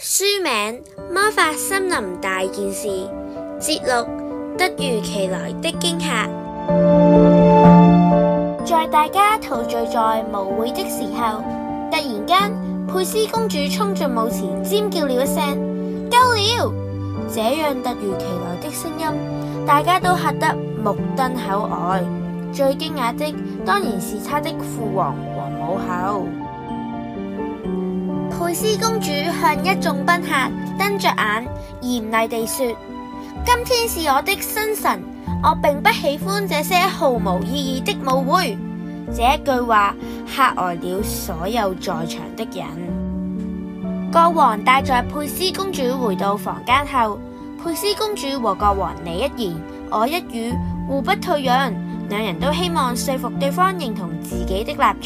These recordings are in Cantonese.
書名《魔法森林大件事》，節錄《突如其來的驚嚇》。在大家陶醉在舞會的時候，突然間，佩斯公主衝進舞池，尖叫了一聲：夠了！這樣突如其來的聲音，大家都嚇得目瞪口呆。最驚訝的當然是她的父皇和母后。佩斯公主向一眾賓客瞪着眼，嚴厲地說：今天是我的新晨，我並不喜歡這些毫無意義的舞會。這一句話吓呆了所有在場的人。國王帶着佩斯公主回到房間後，佩斯公主和國王你一言我一語，互不退讓，兩人都希望說服對方認同自己的立場。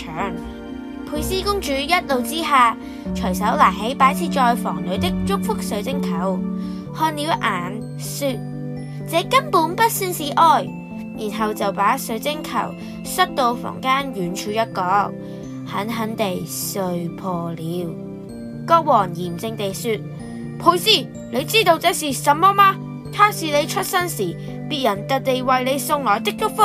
佩斯公主一怒之下，隨手拿起擺設在房裏的祝福水晶球，看了一眼，說：這根本不算是愛。然後就把水晶球摔到房間遠處一角，狠狠地碎破了。國王嚴正地說：佩斯，你知道這是什麼嗎？它是你出生時別人特地為你送來的祝福。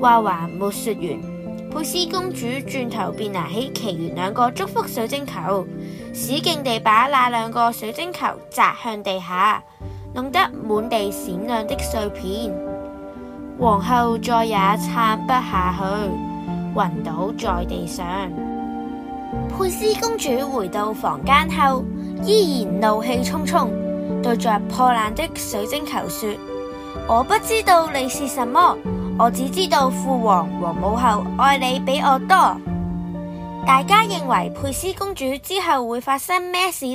話還沒說完。佩斯公主轉頭便拿起其餘兩個祝福水晶球，使勁地把那兩個水晶球砸向地下，弄得滿地閃亮的碎片。皇后再也撐不下去，暈倒在地上。佩斯公主回到房間後，依然怒氣沖沖，對着破爛的水晶球說：我不知道你是什麼。我只知道父皇和母后愛你比我多。大家認為佩斯公主之後會發生咩事呢？